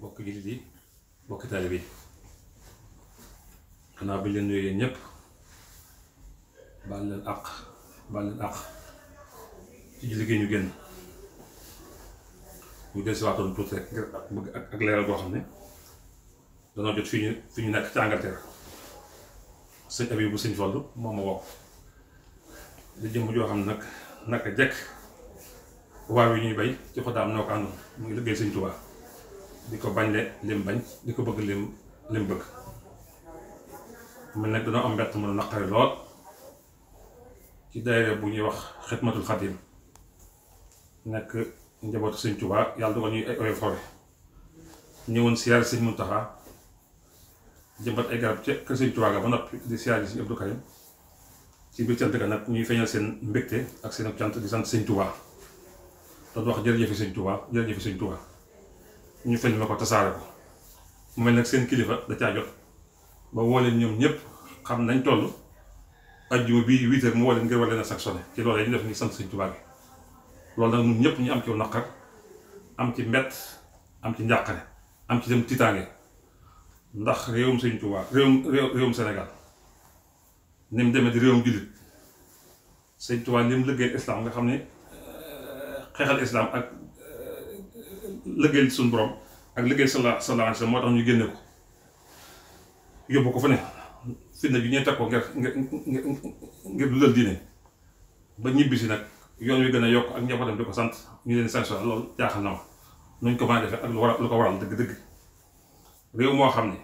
bokk jullit yi bokk bi xanaa bi leen nuyoo yéen ñëpp baal àq baal leen àq ci jullit gi ñu génn ñu desiwaatoon tuuti rek ngir ak leeral boo xam ne danoo jot fi ñu fi ñu nekk ci Angleterre sëñ abi bu sëñ Fallu moom ma woo di jëmm joo xam ne nag naka jekk waaw yi ñuy bay ci xotaam noo ko àndoon mu ngi liggéey sëñ Tuubaa di ko bañ lee lim bañ di ko bëgg lim lim bëgg man nag dañoo am mbett mu naqari lool ci daayira bu ñuy wax xidmatul xadim nekk njaboot sëñ Tuubaa yàlla dogal ñuy ay fore ñëwoon siyaar sëñ Muntaxa jëmbat ay garab ca kër sëñ Tuubaa ga ba noppi di siyaar yi sëñ Abdou Karim ci biir cant ga nag ñuy feeñal seen mbégte ak seen cant di sant sëñ Tuubaa doon wax jërëjëfi sëñ Tuubaa jërëjëfi sëñ Tuubaa ñu filmé ko tasaare ko mu mel nag seen kilifa da caa jot ba woo leen ñoom ñëpp xam nañ toll ajjuma bii huit mu woo leen ngir war a sanctionné ci loolu ñu def ni sant Sëñ Tuubaa gi loolu nag ñun ñëpp ñu am ci naqar am ci mbett am ci njàqare am ci dem tiitaange ndax réewum Sëñ Tuubaa réewum réewum ni mu demee di réewum jullit Sëñ Tuubaa li mu liggéey islam nga xam ne xeexal islam ak. liggéeyal suñu borom ak liggéey sala sallallahu alayhi wasallam moo tax ñu génne ko yóbbu ko fa ne fitna bi ñuy teg ko ngir ngir ngir dundal diine ba ñibbi si nag yoon wi gën a yokk ak njabootam di sant ñu leen sanction loolu jaaxal na ma a ak lu ko waral dëgg-dëgg réew moo xam ne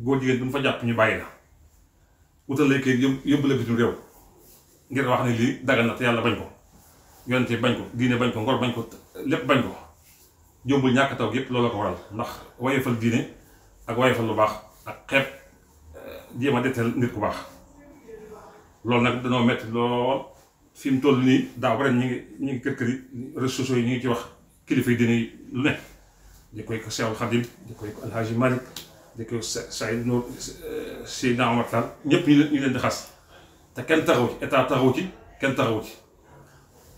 góor jigéen bu mu fa jàpp ñu bàyyi la wutal lay kay yóbbu la bitim réew ngir wax ne lii dagal na te yàlla bañ ko yonente bañ ko diine bañ ko ngor bañ ko lépp bañ ko jómbul ñàkk taw yépp loolu la ko waral ndax wayefal diine ak wayefal lu baax ak xeeb eh, jéem a deteel nit ku baax loolu nag danoo metti lool fi mu toll nii daaw ñu ngi ñu ngi kër kër yi yi ñu ngi ci wax kilifa yi diine yi lu ne di koy ko Seexul Xadim di koy ko Alhaji Malick di koy Saïd Nour eh, Seydina Omar Tall ñëpp ñu leen di xas te kenn taxawu ci état taxawu ci kenn taxawu ci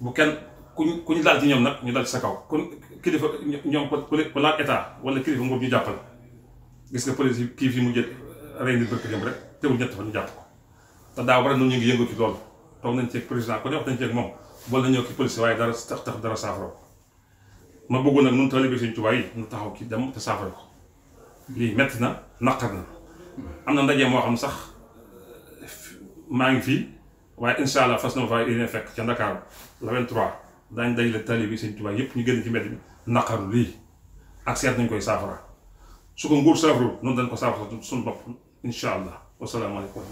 bu kenn ku kuñ laal ci ñoom nag ñu daal ci sa kaw kon kilifa ñoom ku laal état wala kilifa nguur ñu jàppal gis nga police kii fi mu jël rey nit bëkk dem rek teewul ñett fa ñu jàpp te daaw war nañu ñu ngi ci loolu toog nañ ci président ku ne wax nañ ci ak moom boole nañoo ki police waaye dara dara saafara ko ma bëggoon nag nun taalibe Sëñ Tuubaa yi nu taxaw ci dem te saafara ko lii metti na naqar na am na ndaje moo xam sax maa ngi fii waaye incha allah façon na ma faa fekk ca Ndakaaru le 23 daañ dajale tali bi sëñ Tuubaa yëpp ñu génn ci mbedd bi naqaru lii ak seet nañ koy saafara su ko nguur saafaru noonu dañ ko saafara suñu bopp incha allah wasalaamaaleykum